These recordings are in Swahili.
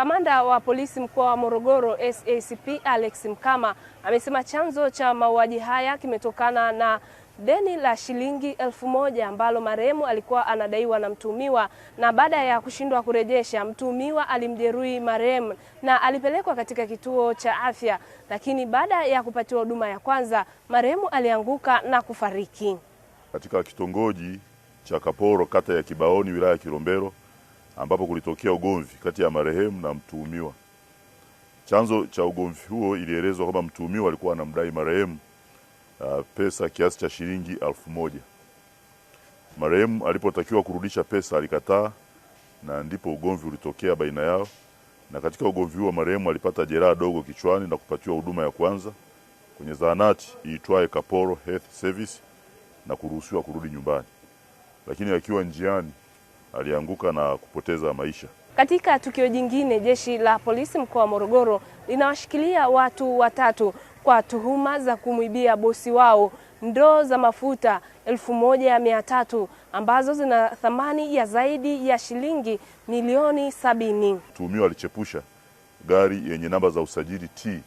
Kamanda wa polisi mkoa wa Morogoro SACP Alex Mkama amesema chanzo cha mauaji haya kimetokana na deni la shilingi elfu moja ambalo marehemu alikuwa anadaiwa na mtuhumiwa, na baada ya kushindwa kurejesha, mtuhumiwa alimjeruhi marehemu na alipelekwa katika kituo cha afya, lakini baada ya kupatiwa huduma ya kwanza, marehemu alianguka na kufariki katika kitongoji cha Kaporo, kata ya Kibaoni, wilaya ya Kilombero ambapo kulitokea ugomvi kati ya marehemu na mtuhumiwa. Chanzo cha ugomvi huo ilielezwa kwamba mtuhumiwa alikuwa anamdai marehemu uh, pesa kiasi cha shilingi elfu moja. Marehemu alipotakiwa kurudisha pesa alikataa na ndipo ugomvi ulitokea baina yao, na katika ugomvi huo marehemu alipata jeraha dogo kichwani na kupatiwa huduma ya kwanza kwenye zahanati iitwaye Kaporo Health Service na kuruhusiwa kurudi nyumbani, lakini akiwa njiani alianguka na kupoteza maisha. Katika tukio jingine, jeshi la polisi mkoa wa Morogoro linawashikilia watu watatu kwa tuhuma za kumwibia bosi wao ndoo za mafuta elfu moja mia tatu ambazo zina thamani ya zaidi ya shilingi milioni sabini. Mtuhumiwa alichepusha gari yenye namba za usajili T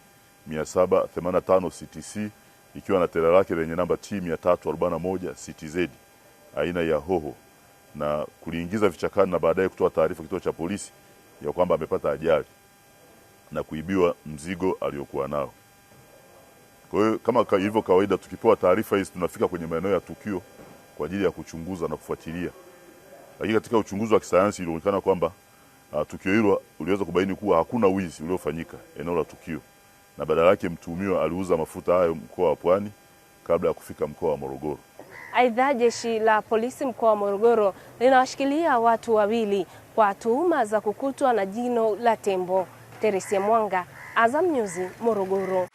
785 CTC ikiwa na tela lake lenye namba T 341 CTZ aina ya Hoho na kuliingiza vichakani na baadaye kutoa taarifa kituo cha polisi ya kwamba amepata ajali na kuibiwa mzigo aliokuwa nao. Kwa hiyo kama ilivyo kawaida, tukipewa taarifa hizi tunafika kwenye maeneo ya tukio kwa ajili ya kuchunguza na kufuatilia, lakini katika uchunguzi wa kisayansi ilionekana kwamba ah, tukio hilo uliweza kubaini kuwa hakuna wizi uliofanyika eneo la tukio, na badala yake mtuhumiwa aliuza mafuta hayo mkoa wa Pwani kabla ya kufika mkoa wa Morogoro. Aidha, jeshi la polisi mkoa wa Morogoro linawashikilia watu wawili kwa tuhuma za kukutwa na jino la tembo. Teresia Mwanga, Azam News, Morogoro.